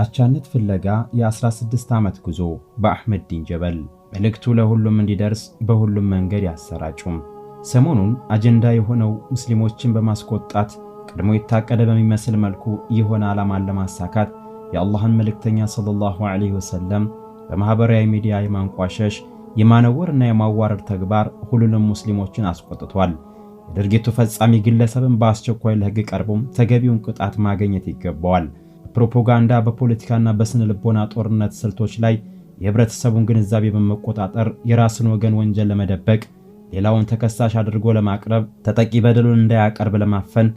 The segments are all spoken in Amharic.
አቻነት ፍለጋ የ16 ዓመት ጉዞ ዲን ጀበል። መልእክቱ ለሁሉም እንዲደርስ በሁሉም መንገድ ያሰራጩም። ሰሞኑን አጀንዳ የሆነው ሙስሊሞችን በማስቆጣት ቀድሞ የታቀደ በሚመስል መልኩ የሆነ ዓላማን ለማሳካት የአላህን መልእክተኛ ሰለላሁ ዐለይሂ ወሰለም በማኅበራዊ ሚዲያ የማንቋሸሽ የማነወርና የማዋረድ ተግባር ሁሉንም ሙስሊሞችን አስቆጥቷል። የድርጊቱ ፈጻሚ ግለሰብን በአስቸኳይ ለሕግ ቀርቦም ተገቢውን ቅጣት ማግኘት ይገባዋል። ፕሮፓጋንዳ በፖለቲካና በስነ ልቦና ጦርነት ስልቶች ላይ የህብረተሰቡን ግንዛቤ በመቆጣጠር የራስን ወገን ወንጀል ለመደበቅ ሌላውን ተከሳሽ አድርጎ ለማቅረብ ተጠቂ በደሉን እንዳያቀርብ ለማፈን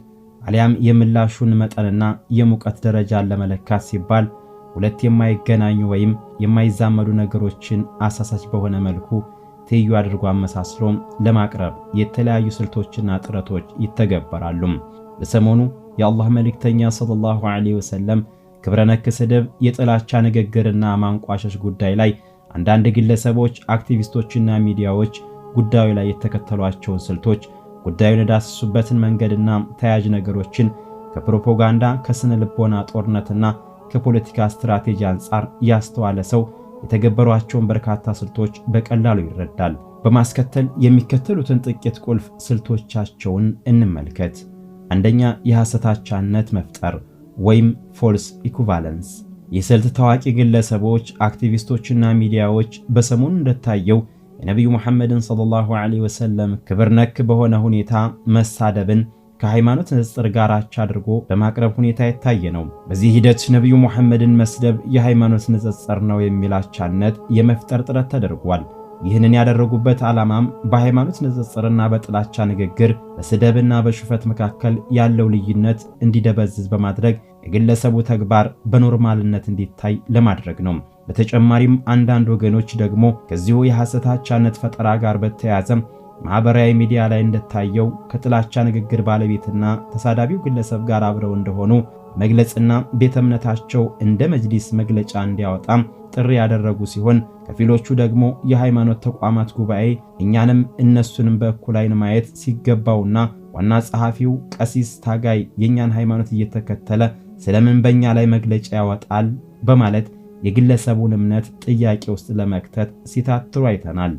አሊያም የምላሹን መጠንና የሙቀት ደረጃን ለመለካት ሲባል ሁለት የማይገናኙ ወይም የማይዛመዱ ነገሮችን አሳሳች በሆነ መልኩ ትይዩ አድርጎ አመሳስሎ ለማቅረብ የተለያዩ ስልቶችና ጥረቶች ይተገበራሉ። በሰሞኑ የአላህ መልእክተኛ ሰለላሁ ዐለይሂ ወሰለም ክብረነክ ስድብ፣ የጥላቻ ንግግርና ማንቋሸሽ ጉዳይ ላይ አንዳንድ ግለሰቦች፣ አክቲቪስቶችና ሚዲያዎች ጉዳዩ ላይ የተከተሏቸውን ስልቶች፣ ጉዳዩን የዳሰሱበትን መንገድና ተያያዥ ነገሮችን ከፕሮፓጋንዳ ከስነ ልቦና ጦርነትና ከፖለቲካ ስትራቴጂ አንጻር ያስተዋለ ሰው የተገበሯቸውን በርካታ ስልቶች በቀላሉ ይረዳል። በማስከተል የሚከተሉትን ጥቂት ቁልፍ ስልቶቻቸውን እንመልከት። አንደኛ፣ የሐሰታቻነት መፍጠር ወይም ፎልስ ኢኩቫለንስ የስልት ታዋቂ ግለሰቦች፣ አክቲቪስቶችና ሚዲያዎች በሰሞኑ እንደታየው የነቢዩ መሐመድን ሰለላሁ ዐለይሂ ወሰለም ክብር ነክ በሆነ ሁኔታ መሳደብን ከሃይማኖት ንጽጽር ጋር አቻ አድርጎ በማቅረብ ሁኔታ የታየ ነው። በዚህ ሂደት ነቢዩ መሐመድን መስደብ የሃይማኖት ንጽጽር ነው የሚል አቻነት የመፍጠር ጥረት ተደርጓል። ይህንን ያደረጉበት ዓላማም በሃይማኖት ንጽጽርና በጥላቻ ንግግር፣ በስደብና በሹፈት መካከል ያለው ልዩነት እንዲደበዝዝ በማድረግ የግለሰቡ ተግባር በኖርማልነት እንዲታይ ለማድረግ ነው። በተጨማሪም አንዳንድ ወገኖች ደግሞ ከዚሁ የሐሰታቻነት ፈጠራ ጋር በተያያዘም ማህበራዊ ሚዲያ ላይ እንደታየው ከጥላቻ ንግግር ባለቤትና ተሳዳቢው ግለሰብ ጋር አብረው እንደሆኑ መግለጽና ቤተ እምነታቸው እንደ መጅሊስ መግለጫ እንዲያወጣም ጥሪ ያደረጉ ሲሆን ከፊሎቹ ደግሞ የሃይማኖት ተቋማት ጉባኤ እኛንም እነሱንም በእኩል ዓይን ማየት ሲገባውና ዋና ጸሐፊው ቀሲስ ታጋይ የእኛን ሃይማኖት እየተከተለ ስለምን በእኛ ላይ መግለጫ ያወጣል በማለት የግለሰቡን እምነት ጥያቄ ውስጥ ለመክተት ሲታትሩ አይተናል።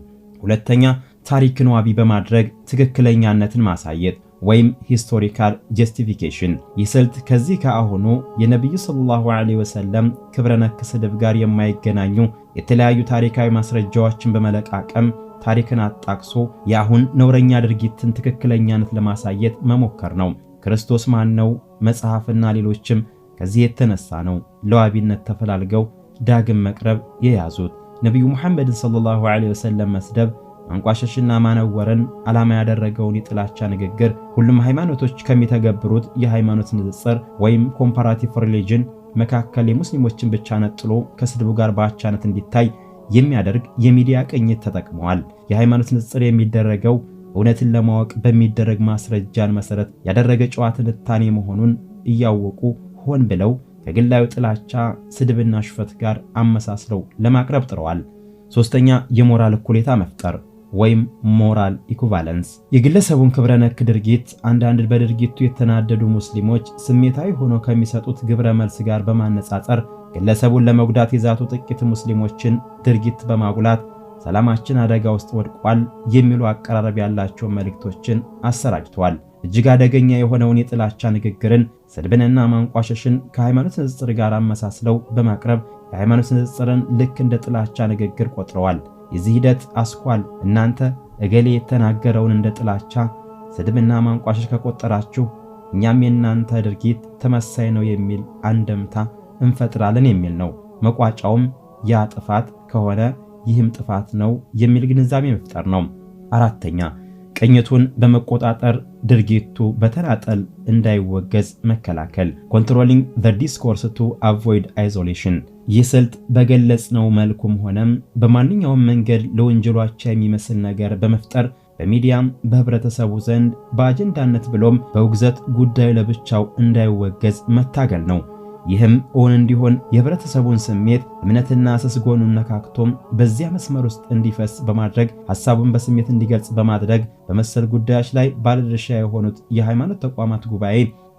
ሁለተኛ ታሪክን ዋቢ በማድረግ ትክክለኛነትን ማሳየት ወይም ሂስቶሪካል ጀስቲፊኬሽን። ይህ ስልት ከዚህ ከአሁኑ የነቢዩ ሰለላሁ ዐለይሂ ወሰለም ክብረ ነክ ስድብ ጋር የማይገናኙ የተለያዩ ታሪካዊ ማስረጃዎችን በመለቃቀም ታሪክን አጣቅሶ የአሁን ነውረኛ ድርጊትን ትክክለኛነት ለማሳየት መሞከር ነው። ክርስቶስ ማን ነው? መጽሐፍና ሌሎችም ከዚህ የተነሳ ነው ለዋቢነት ተፈላልገው ዳግም መቅረብ የያዙት። ነቢዩ ሙሐመድን ሰለላሁ ዐለይሂ ወሰለም መስደብ ማንቋሸሽና ማነወረን ዓላማ ያደረገውን የጥላቻ ንግግር ሁሉም ሃይማኖቶች ከሚተገብሩት የሃይማኖት ንጽጽር ወይም ኮምፓራቲቭ ሪሊጅን መካከል የሙስሊሞችን ብቻ ነጥሎ ከስድቡ ጋር በአቻነት እንዲታይ የሚያደርግ የሚዲያ ቅኝት ተጠቅመዋል። የሃይማኖት ንጽጽር የሚደረገው እውነትን ለማወቅ በሚደረግ ማስረጃን መሰረት ያደረገ ጨዋ ትንታኔ መሆኑን እያወቁ ሆን ብለው ከግላዊ ጥላቻ ስድብና ሽፈት ጋር አመሳስለው ለማቅረብ ጥረዋል። ሶስተኛ የሞራል እኩሌታ መፍጠር ወይም ሞራል ኢኩቫለንስ። የግለሰቡን ክብረ ነክ ድርጊት አንዳንድ በድርጊቱ የተናደዱ ሙስሊሞች ስሜታዊ ሆነው ከሚሰጡት ግብረ መልስ ጋር በማነጻጸር ግለሰቡን ለመጉዳት የዛቱ ጥቂት ሙስሊሞችን ድርጊት በማጉላት ሰላማችን አደጋ ውስጥ ወድቋል የሚሉ አቀራረብ ያላቸው መልእክቶችን አሰራጭተዋል። እጅግ አደገኛ የሆነውን የጥላቻ ንግግርን፣ ስድብንና ማንቋሸሽን ከሃይማኖት ንጽጽር ጋር አመሳስለው በማቅረብ የሃይማኖት ንጽጽርን ልክ እንደ ጥላቻ ንግግር ቆጥረዋል። የዚህ ሂደት አስኳል እናንተ እገሌ የተናገረውን እንደ ጥላቻ ስድብና ማንቋሸሽ ከቆጠራችሁ እኛም የእናንተ ድርጊት ተመሳይ ነው የሚል አንደምታ እንፈጥራለን የሚል ነው። መቋጫውም ያ ጥፋት ከሆነ ይህም ጥፋት ነው የሚል ግንዛቤ መፍጠር ነው። አራተኛ ቅኝቱን በመቆጣጠር ድርጊቱ በተናጠል እንዳይወገዝ መከላከል፣ ኮንትሮሊንግ ዘ ዲስኮርስ ቱ አቮይድ አይዞሌሽን። ይህ ስልት በገለጽነው መልኩም ሆነም በማንኛውም መንገድ ለወንጀሏቻ የሚመስል ነገር በመፍጠር በሚዲያም በህብረተሰቡ ዘንድ በአጀንዳነት ብሎም በውግዘት ጉዳዩ ለብቻው እንዳይወገዝ መታገል ነው። ይህም እውን እንዲሆን የህብረተሰቡን ስሜት እምነትና ስስጎኑን ነካክቶም በዚያ መስመር ውስጥ እንዲፈስ በማድረግ ሐሳቡን በስሜት እንዲገልጽ በማድረግ በመሰል ጉዳዮች ላይ ባለድርሻ የሆኑት የሃይማኖት ተቋማት ጉባኤ፣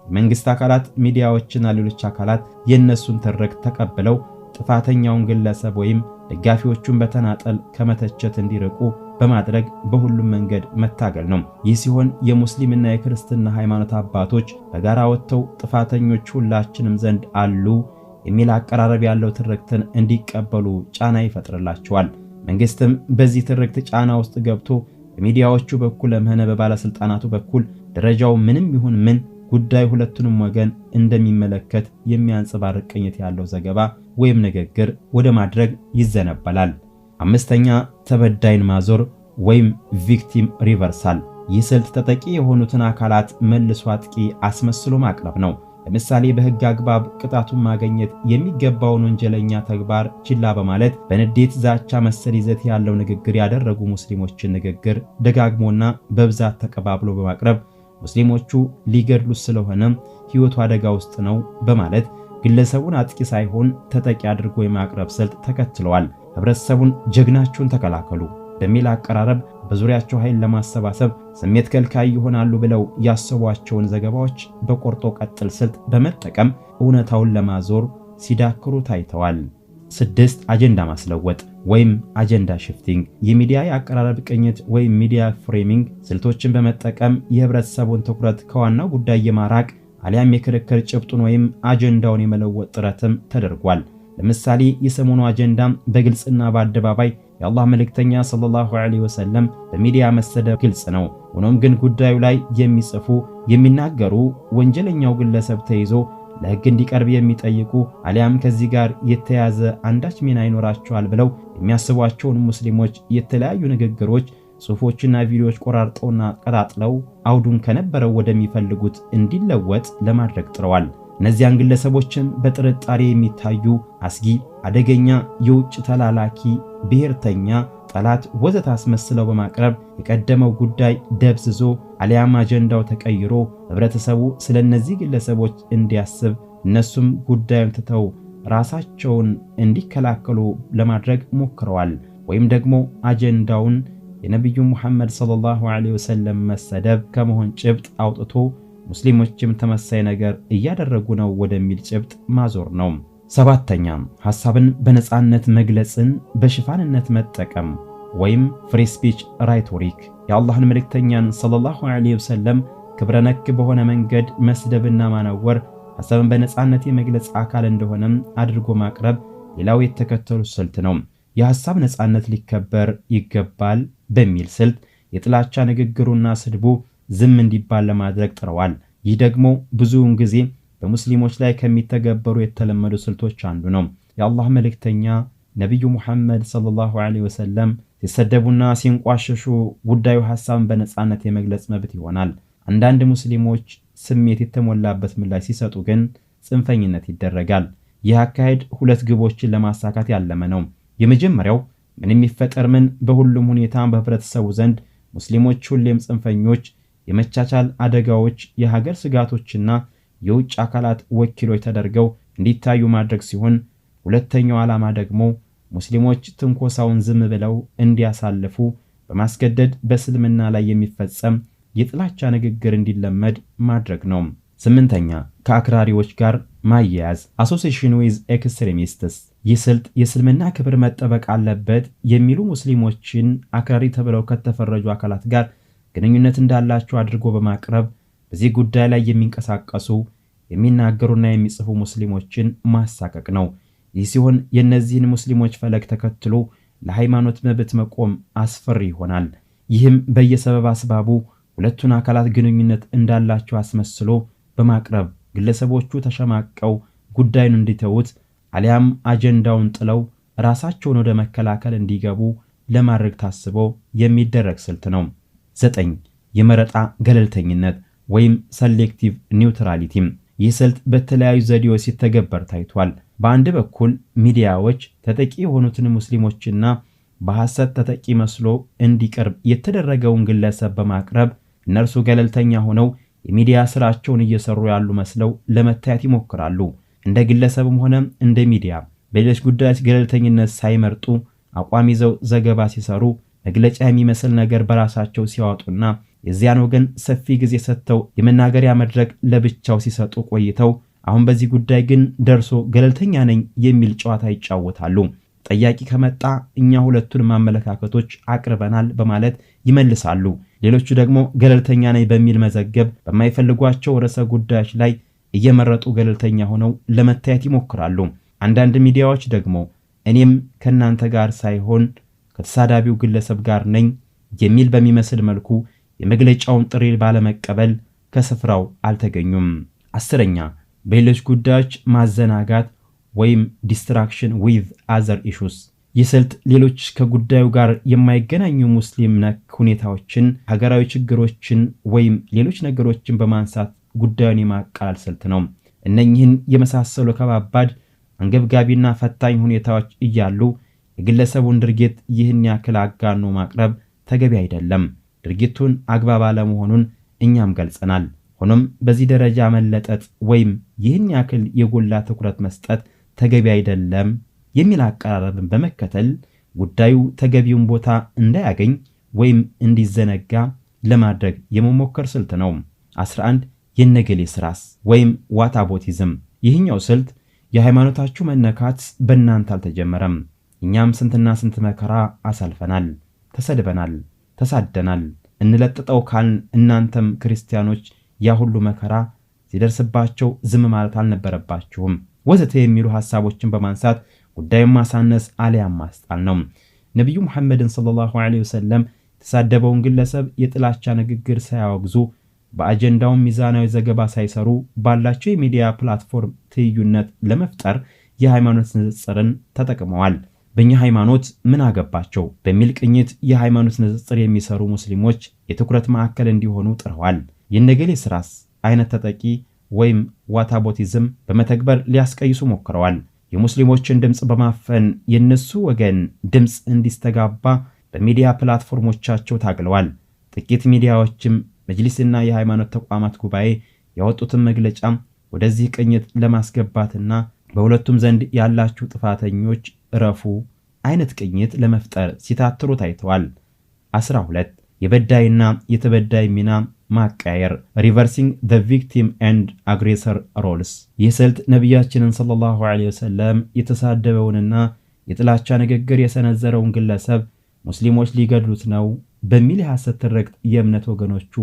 የመንግስት አካላት፣ ሚዲያዎችና ሌሎች አካላት የእነሱን ትርክ ተቀብለው ጥፋተኛውን ግለሰብ ወይም ደጋፊዎቹን በተናጠል ከመተቸት እንዲርቁ በማድረግ በሁሉም መንገድ መታገል ነው። ይህ ሲሆን የሙስሊምና የክርስትና ሃይማኖት አባቶች በጋራ ወጥተው ጥፋተኞች ሁላችንም ዘንድ አሉ የሚል አቀራረብ ያለው ትርክትን እንዲቀበሉ ጫና ይፈጥርላቸዋል። መንግስትም በዚህ ትርክት ጫና ውስጥ ገብቶ በሚዲያዎቹ በኩልም ሆነ በባለስልጣናቱ በኩል ደረጃው ምንም ይሁን ምን ጉዳይ ሁለቱንም ወገን እንደሚመለከት የሚያንጸባርቅ ቅኝት ያለው ዘገባ ወይም ንግግር ወደ ማድረግ ይዘነበላል። አምስተኛ ተበዳይን ማዞር ወይም ቪክቲም ሪቨርሳል። ይህ ስልት ተጠቂ የሆኑትን አካላት መልሶ አጥቂ አስመስሎ ማቅረብ ነው። ለምሳሌ በሕግ አግባብ ቅጣቱን ማግኘት የሚገባውን ወንጀለኛ ተግባር ችላ በማለት በንዴት ዛቻ መሰል ይዘት ያለው ንግግር ያደረጉ ሙስሊሞችን ንግግር ደጋግሞና በብዛት ተቀባብሎ በማቅረብ ሙስሊሞቹ ሊገድሉት ስለሆነም ሕይወቱ አደጋ ውስጥ ነው በማለት ግለሰቡን አጥቂ ሳይሆን ተጠቂ አድርጎ የማቅረብ ስልት ተከትለዋል። ህብረተሰቡን ጀግናችሁን ተከላከሉ በሚል አቀራረብ በዙሪያቸው ኃይል ለማሰባሰብ ስሜት ከልካይ ይሆናሉ ብለው ያሰቧቸውን ዘገባዎች በቆርጦ ቀጥል ስልት በመጠቀም እውነታውን ለማዞር ሲዳክሩ ታይተዋል። ስድስት አጀንዳ ማስለወጥ ወይም አጀንዳ ሽፍቲንግ የሚዲያ የአቀራረብ ቅኝት ወይም ሚዲያ ፍሬሚንግ ስልቶችን በመጠቀም የህብረተሰቡን ትኩረት ከዋናው ጉዳይ የማራቅ አሊያም የክርክር ጭብጡን ወይም አጀንዳውን የመለወጥ ጥረትም ተደርጓል። ለምሳሌ የሰሞኑ አጀንዳም በግልጽና በአደባባይ የአላህ መልእክተኛ ሰለላሁ ዐለይሂ ወሰለም በሚዲያ መሰደብ ግልጽ ነው። ሆኖም ግን ጉዳዩ ላይ የሚጽፉ የሚናገሩ፣ ወንጀለኛው ግለሰብ ተይዞ ለሕግ እንዲቀርብ የሚጠይቁ አሊያም ከዚህ ጋር የተያዘ አንዳች ሚና ይኖራቸዋል ብለው የሚያስቧቸውን ሙስሊሞች የተለያዩ ንግግሮች፣ ጽሑፎችና ቪዲዮዎች ቆራርጠውና ቀጣጥለው አውዱን ከነበረው ወደሚፈልጉት እንዲለወጥ ለማድረግ ጥረዋል። እነዚያን ግለሰቦችን በጥርጣሬ የሚታዩ አስጊ፣ አደገኛ፣ የውጭ ተላላኪ፣ ብሔርተኛ፣ ጠላት፣ ወዘተ አስመስለው በማቅረብ የቀደመው ጉዳይ ደብዝዞ አሊያም አጀንዳው ተቀይሮ ህብረተሰቡ ስለ እነዚህ ግለሰቦች እንዲያስብ እነሱም ጉዳዩን ትተው ራሳቸውን እንዲከላከሉ ለማድረግ ሞክረዋል። ወይም ደግሞ አጀንዳውን የነቢዩ ሙሐመድ ሰለላሁ ዐለይሂ ወሰለም መሰደብ ከመሆን ጭብጥ አውጥቶ ሙስሊሞችም ተመሳይ ነገር እያደረጉ ነው ወደሚል ጭብጥ ማዞር ነው። ሰባተኛ ሐሳብን በነፃነት መግለጽን በሽፋንነት መጠቀም ወይም ፍሪ ስፒች ራይቶሪክ የአላህን መልእክተኛን ሰለላሁ ዐለይሂ ወሰለም ክብረ ነክ በሆነ መንገድ መስደብና ማነወር ሐሳብን በነፃነት የመግለጽ አካል እንደሆነም አድርጎ ማቅረብ ሌላው የተከተሉ ስልት ነው። የሐሳብ ነፃነት ሊከበር ይገባል በሚል ስልት የጥላቻ ንግግሩና ስድቡ ዝም እንዲባል ለማድረግ ጥረዋል። ይህ ደግሞ ብዙውን ጊዜ በሙስሊሞች ላይ ከሚተገበሩ የተለመዱ ስልቶች አንዱ ነው። የአላህ መልእክተኛ ነቢዩ ሙሐመድ ሰለላሁ ዐለይሂ ወሰለም ሲሰደቡና ሲንቋሸሹ ጉዳዩ ሐሳብን በነፃነት የመግለጽ መብት ይሆናል። አንዳንድ ሙስሊሞች ስሜት የተሞላበት ምላሽ ሲሰጡ ግን ጽንፈኝነት ይደረጋል። ይህ አካሄድ ሁለት ግቦችን ለማሳካት ያለመ ነው። የመጀመሪያው ምንም ይፈጠር ምን በሁሉም ሁኔታ በህብረተሰቡ ዘንድ ሙስሊሞች ሁሌም ጽንፈኞች የመቻቻል አደጋዎች የሀገር ስጋቶችና የውጭ አካላት ወኪሎች ተደርገው እንዲታዩ ማድረግ ሲሆን ሁለተኛው ዓላማ ደግሞ ሙስሊሞች ትንኮሳውን ዝም ብለው እንዲያሳልፉ በማስገደድ በእስልምና ላይ የሚፈጸም የጥላቻ ንግግር እንዲለመድ ማድረግ ነው። ስምንተኛ ከአክራሪዎች ጋር ማያያዝ አሶሴሽን ዊዝ ኤክስትሪሚስትስ። ይህ ስልት የእስልምና ክብር መጠበቅ አለበት የሚሉ ሙስሊሞችን አክራሪ ተብለው ከተፈረጁ አካላት ጋር ግንኙነት እንዳላቸው አድርጎ በማቅረብ በዚህ ጉዳይ ላይ የሚንቀሳቀሱ የሚናገሩና የሚጽፉ ሙስሊሞችን ማሳቀቅ ነው። ይህ ሲሆን የእነዚህን ሙስሊሞች ፈለግ ተከትሎ ለሃይማኖት መብት መቆም አስፈሪ ይሆናል። ይህም በየሰበብ አስባቡ ሁለቱን አካላት ግንኙነት እንዳላቸው አስመስሎ በማቅረብ ግለሰቦቹ ተሸማቀው ጉዳዩን እንዲተዉት አሊያም አጀንዳውን ጥለው ራሳቸውን ወደ መከላከል እንዲገቡ ለማድረግ ታስቦ የሚደረግ ስልት ነው። ዘጠኝ የመረጣ ገለልተኝነት ወይም ሰሌክቲቭ ኒውትራሊቲ። ይህ ስልት በተለያዩ ዘዴዎች ሲተገበር ታይቷል። በአንድ በኩል ሚዲያዎች ተጠቂ የሆኑትን ሙስሊሞችና በሐሰት ተጠቂ መስሎ እንዲቀርብ የተደረገውን ግለሰብ በማቅረብ እነርሱ ገለልተኛ ሆነው የሚዲያ ስራቸውን እየሰሩ ያሉ መስለው ለመታየት ይሞክራሉ። እንደ ግለሰብም ሆነ እንደ ሚዲያ በሌሎች ጉዳዮች ገለልተኝነት ሳይመርጡ አቋም ይዘው ዘገባ ሲሰሩ መግለጫ የሚመስል ነገር በራሳቸው ሲያወጡና የዚያን ወገን ሰፊ ጊዜ ሰጥተው የመናገሪያ መድረክ ለብቻው ሲሰጡ ቆይተው አሁን በዚህ ጉዳይ ግን ደርሶ ገለልተኛ ነኝ የሚል ጨዋታ ይጫወታሉ። ጠያቂ ከመጣ እኛ ሁለቱን ማመለካከቶች አቅርበናል በማለት ይመልሳሉ። ሌሎቹ ደግሞ ገለልተኛ ነኝ በሚል መዘገብ በማይፈልጓቸው ርዕሰ ጉዳዮች ላይ እየመረጡ ገለልተኛ ሆነው ለመታየት ይሞክራሉ። አንዳንድ ሚዲያዎች ደግሞ እኔም ከእናንተ ጋር ሳይሆን ከተሳዳቢው ግለሰብ ጋር ነኝ የሚል በሚመስል መልኩ የመግለጫውን ጥሪ ባለመቀበል ከስፍራው አልተገኙም። አስረኛ በሌሎች ጉዳዮች ማዘናጋት ወይም ዲስትራክሽን ዊዝ አዘር ኢሹስ። ይህ ስልት ሌሎች ከጉዳዩ ጋር የማይገናኙ ሙስሊም ነክ ሁኔታዎችን፣ ሀገራዊ ችግሮችን ወይም ሌሎች ነገሮችን በማንሳት ጉዳዩን የማቃላል ስልት ነው። እነኚህን የመሳሰሉ ከባባድ አንገብጋቢና ፈታኝ ሁኔታዎች እያሉ የግለሰቡን ድርጊት ይህን ያክል አጋኖ ማቅረብ ተገቢ አይደለም። ድርጊቱን አግባብ አለመሆኑን እኛም ገልጸናል። ሆኖም በዚህ ደረጃ መለጠጥ ወይም ይህን ያክል የጎላ ትኩረት መስጠት ተገቢ አይደለም የሚል አቀራረብን በመከተል ጉዳዩ ተገቢውን ቦታ እንዳያገኝ ወይም እንዲዘነጋ ለማድረግ የመሞከር ስልት ነው። 11 የነገሌ ስራስ ወይም ዋታቦቲዝም። ይህኛው ስልት የሃይማኖታችሁ መነካት በእናንተ አልተጀመረም፣ እኛም ስንትና ስንት መከራ አሳልፈናል፣ ተሰድበናል፣ ተሳደናል። እንለጥጠው ካልን እናንተም ክርስቲያኖች ያ ሁሉ መከራ ሲደርስባቸው ዝም ማለት አልነበረባችሁም፣ ወዘተ የሚሉ ሐሳቦችን በማንሳት ጉዳዩን ማሳነስ አሊያም ማስጣል ነው። ነቢዩ ሙሐመድን ሰለላሁ ዐለይሂ ወሰለም የተሳደበውን ግለሰብ የጥላቻ ንግግር ሳያወግዙ በአጀንዳውን ሚዛናዊ ዘገባ ሳይሰሩ ባላቸው የሚዲያ ፕላትፎርም ትይዩነት ለመፍጠር የሃይማኖት ንጽጽርን ተጠቅመዋል። በእኛ ሃይማኖት ምን አገባቸው በሚል ቅኝት የሃይማኖት ንጽጽር የሚሰሩ ሙስሊሞች የትኩረት ማዕከል እንዲሆኑ ጥረዋል። የነገሌ ስራስ አይነት ተጠቂ ወይም ዋታቦቲዝም በመተግበር ሊያስቀይሱ ሞክረዋል። የሙስሊሞችን ድምፅ በማፈን የነሱ ወገን ድምፅ እንዲስተጋባ በሚዲያ ፕላትፎርሞቻቸው ታግለዋል። ጥቂት ሚዲያዎችም መጅሊስና የሃይማኖት ተቋማት ጉባኤ ያወጡትን መግለጫም ወደዚህ ቅኝት ለማስገባትና በሁለቱም ዘንድ ያላችሁ ጥፋተኞች እረፉ አይነት ቅኝት ለመፍጠር ሲታትሩ ታይተዋል። 12 የበዳይና የተበዳይ ሚና ማቀያየር ሪቨርሲንግ ዘ ቪክቲም ኤንድ አግሬሰር ሮልስ። ይህ ስልት ነቢያችንን ሰለላሁ ዐለይሂ ወሰለም የተሳደበውንና የጥላቻ ንግግር የሰነዘረውን ግለሰብ ሙስሊሞች ሊገድሉት ነው በሚል የሐሰት ትርክት የእምነት ወገኖቹ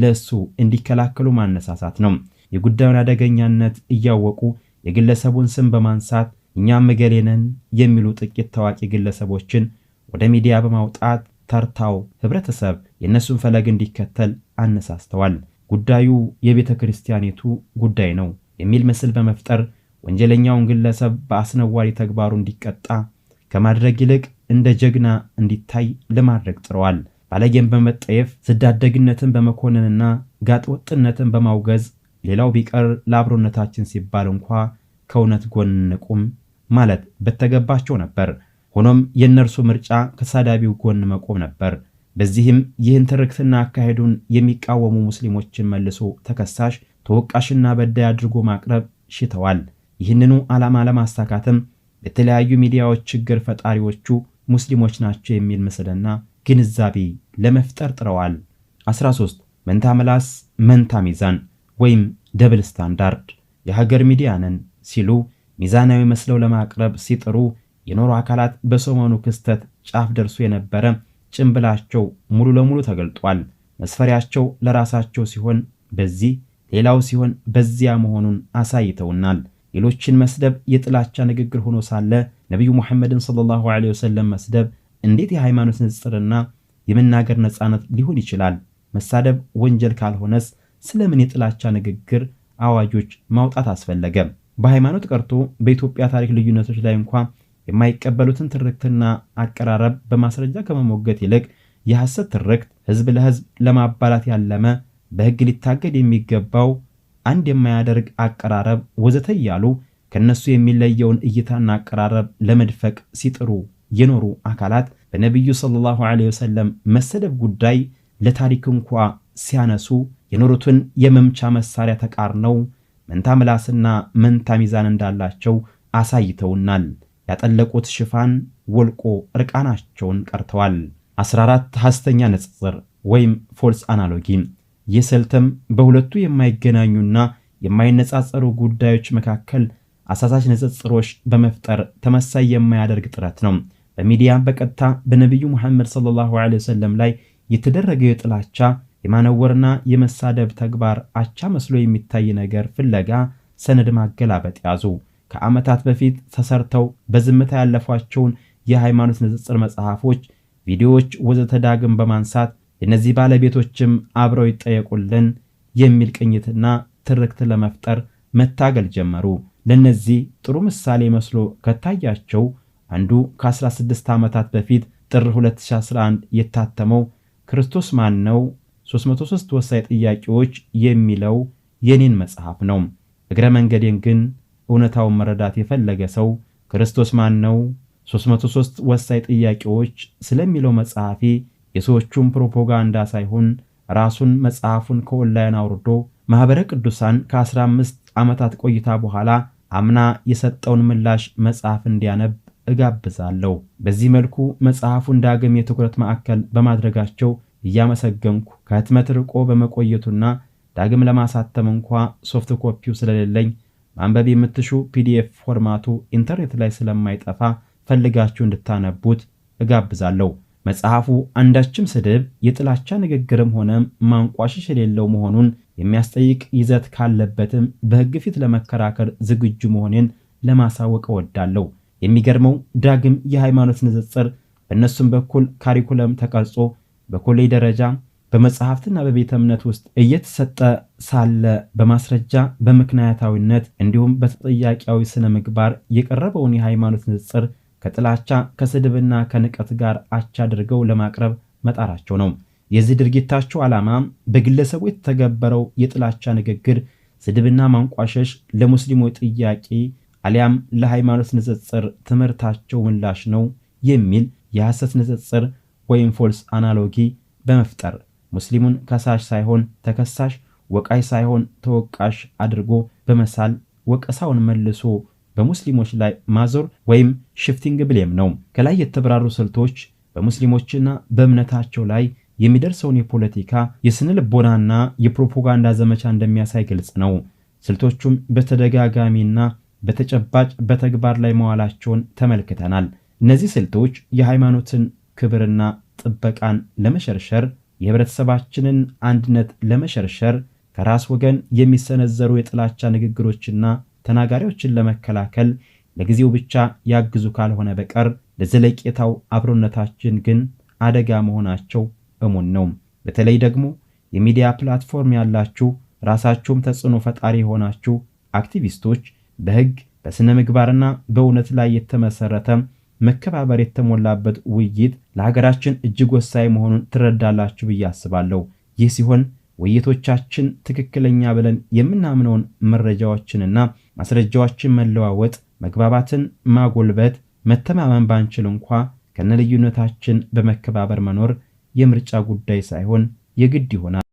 ለእሱ እንዲከላከሉ ማነሳሳት ነው። የጉዳዩን አደገኛነት እያወቁ የግለሰቡን ስም በማንሳት እኛም እገሌነን የሚሉ ጥቂት ታዋቂ ግለሰቦችን ወደ ሚዲያ በማውጣት ተርታው ህብረተሰብ የእነሱን ፈለግ እንዲከተል አነሳስተዋል። ጉዳዩ የቤተ ክርስቲያኒቱ ጉዳይ ነው የሚል ምስል በመፍጠር ወንጀለኛውን ግለሰብ በአስነዋሪ ተግባሩ እንዲቀጣ ከማድረግ ይልቅ እንደ ጀግና እንዲታይ ለማድረግ ጥረዋል። ባለጌን በመጠየፍ ስዳደግነትን በመኮንንና ጋጠወጥነትን በማውገዝ ሌላው ቢቀር ለአብሮነታችን ሲባል እንኳ ከእውነት ጎን እንቁም ማለት በተገባቸው ነበር። ሆኖም የእነርሱ ምርጫ ከሳዳቢው ጎን መቆም ነበር። በዚህም ይህን ትርክትና አካሄዱን የሚቃወሙ ሙስሊሞችን መልሶ ተከሳሽ፣ ተወቃሽና በዳይ አድርጎ ማቅረብ ሽተዋል። ይህንኑ ዓላማ ለማሳካትም የተለያዩ ሚዲያዎች ችግር ፈጣሪዎቹ ሙስሊሞች ናቸው የሚል ምስልና ግንዛቤ ለመፍጠር ጥረዋል። 13 መንታ ምላስ መንታ ሚዛን ወይም ደብል ስታንዳርድ የሀገር ሚዲያ ነን ሲሉ ሚዛናዊ መስለው ለማቅረብ ሲጥሩ የኖሩ አካላት በሰሞኑ ክስተት ጫፍ ደርሶ የነበረ ጭንብላቸው ሙሉ ለሙሉ ተገልጧል። መስፈሪያቸው ለራሳቸው ሲሆን በዚህ ሌላው ሲሆን በዚያ መሆኑን አሳይተውናል። ሌሎችን መስደብ የጥላቻ ንግግር ሆኖ ሳለ ነቢዩ ሙሐመድን ሰለላሁ ዐለይሂ ወሰለም መስደብ እንዴት የሃይማኖት ንጽጽርና የመናገር ነፃነት ሊሆን ይችላል? መሳደብ ወንጀል ካልሆነስ ስለምን የጥላቻ ንግግር አዋጆች ማውጣት አስፈለገ? በሃይማኖት ቀርቶ በኢትዮጵያ ታሪክ ልዩነቶች ላይ እንኳ የማይቀበሉትን ትርክትና አቀራረብ በማስረጃ ከመሞገት ይልቅ የሐሰት ትርክት ህዝብ ለህዝብ ለማባላት ያለመ በህግ ሊታገድ የሚገባው አንድ የማያደርግ አቀራረብ ወዘተ እያሉ ከእነሱ የሚለየውን እይታና አቀራረብ ለመድፈቅ ሲጥሩ የኖሩ አካላት በነቢዩ ሰለላሁ ዐለይሂ ወሰለም መሰደብ ጉዳይ ለታሪክ እንኳ ሲያነሱ የኖሩትን የመምቻ መሳሪያ ተቃርነው መንታ ምላስና መንታ ሚዛን እንዳላቸው አሳይተውናል። ያጠለቁት ሽፋን ወልቆ እርቃናቸውን ቀርተዋል። 14 ሐሰተኛ ንጽጽር ወይም ፎልስ አናሎጊ ይህ ስልትም በሁለቱ የማይገናኙና የማይነጻጸሩ ጉዳዮች መካከል አሳሳች ንጽጽሮች በመፍጠር ተመሳይ የማያደርግ ጥረት ነው። በሚዲያ በቀጥታ በነቢዩ መሐመድ ሰለላሁ ዐለይሂ ወሰለም ላይ የተደረገ የጥላቻ የማነወርና የመሳደብ ተግባር አቻ መስሎ የሚታይ ነገር ፍለጋ ሰነድ ማገላበጥ ያዙ። ከዓመታት በፊት ተሰርተው በዝምታ ያለፏቸውን የሃይማኖት ንጽጽር መጽሐፎች፣ ቪዲዮዎች ወዘተ ዳግም በማንሳት የእነዚህ ባለቤቶችም አብረው ይጠየቁልን የሚል ቅኝትና ትርክት ለመፍጠር መታገል ጀመሩ። ለነዚህ ጥሩ ምሳሌ መስሎ ከታያቸው አንዱ ከ16 ዓመታት በፊት ጥር 2011 የታተመው ክርስቶስ ማን ነው 303 ወሳኝ ጥያቄዎች የሚለው የኔን መጽሐፍ ነው። እግረ መንገዴን ግን እውነታውን መረዳት የፈለገ ሰው ክርስቶስ ማን ነው 303 ወሳኝ ጥያቄዎች ስለሚለው መጽሐፌ የሰዎቹን ፕሮፓጋንዳ ሳይሆን ራሱን መጽሐፉን ከኦንላይን አውርዶ ማኅበረ ቅዱሳን ከ15 ዓመታት ቆይታ በኋላ አምና የሰጠውን ምላሽ መጽሐፍ እንዲያነብ እጋብዛለሁ። በዚህ መልኩ መጽሐፉን ዳግም የትኩረት ማዕከል በማድረጋቸው እያመሰገንኩ ከህትመት ርቆ በመቆየቱና ዳግም ለማሳተም እንኳ ሶፍት ኮፒው ስለሌለኝ ማንበብ የምትሹ ፒዲኤፍ ፎርማቱ ኢንተርኔት ላይ ስለማይጠፋ ፈልጋችሁ እንድታነቡት እጋብዛለሁ። መጽሐፉ አንዳችም ስድብ፣ የጥላቻ ንግግርም ሆነ ማንቋሸሽ የሌለው መሆኑን የሚያስጠይቅ ይዘት ካለበትም በሕግ ፊት ለመከራከር ዝግጁ መሆኔን ለማሳወቅ እወዳለሁ። የሚገርመው ዳግም የሃይማኖት ንጽጽር በእነሱም በኩል ካሪኩለም ተቀርጾ በኮሌጅ ደረጃ በመጽሐፍትና በቤተ እምነት ውስጥ እየተሰጠ ሳለ በማስረጃ በምክንያታዊነት እንዲሁም በተጠያቂያዊ ስነ ምግባር የቀረበውን የሃይማኖት ንጽጽር ከጥላቻ ከስድብና ከንቀት ጋር አቻ አድርገው ለማቅረብ መጣራቸው ነው። የዚህ ድርጊታቸው ዓላማ በግለሰቡ የተተገበረው የጥላቻ ንግግር፣ ስድብና ማንቋሸሽ ለሙስሊሞች ጥያቄ አሊያም ለሃይማኖት ንጽጽር ትምህርታቸው ምላሽ ነው የሚል የሐሰት ንጽጽር ወይም ፎልስ አናሎጊ በመፍጠር ሙስሊሙን ከሳሽ ሳይሆን ተከሳሽ፣ ወቃሽ ሳይሆን ተወቃሽ አድርጎ በመሳል ወቀሳውን መልሶ በሙስሊሞች ላይ ማዞር ወይም ሽፍቲንግ ብሌም ነው። ከላይ የተብራሩ ስልቶች በሙስሊሞችና በእምነታቸው ላይ የሚደርሰውን የፖለቲካ የስነ ልቦናና የፕሮፓጋንዳ ዘመቻ እንደሚያሳይ ግልጽ ነው። ስልቶቹም በተደጋጋሚና በተጨባጭ በተግባር ላይ መዋላቸውን ተመልክተናል። እነዚህ ስልቶች የሃይማኖትን ክብርና ጥበቃን ለመሸርሸር የህብረተሰባችንን አንድነት ለመሸርሸር ከራስ ወገን የሚሰነዘሩ የጥላቻ ንግግሮችና ተናጋሪዎችን ለመከላከል ለጊዜው ብቻ ያግዙ ካልሆነ በቀር ለዘለቄታው አብሮነታችን ግን አደጋ መሆናቸው እሙን ነው። በተለይ ደግሞ የሚዲያ ፕላትፎርም ያላችሁ ራሳችሁም ተጽዕኖ ፈጣሪ የሆናችሁ አክቲቪስቶች በህግ በሥነ ምግባርና በእውነት ላይ የተመሰረተ መከባበር የተሞላበት ውይይት ለሀገራችን እጅግ ወሳኝ መሆኑን ትረዳላችሁ ብዬ አስባለሁ። ይህ ሲሆን ውይይቶቻችን ትክክለኛ ብለን የምናምነውን መረጃዎችንና ማስረጃዎችን መለዋወጥ፣ መግባባትን ማጎልበት፣ መተማመን ባንችል እንኳ ከነልዩነታችን በመከባበር መኖር የምርጫ ጉዳይ ሳይሆን የግድ ይሆናል።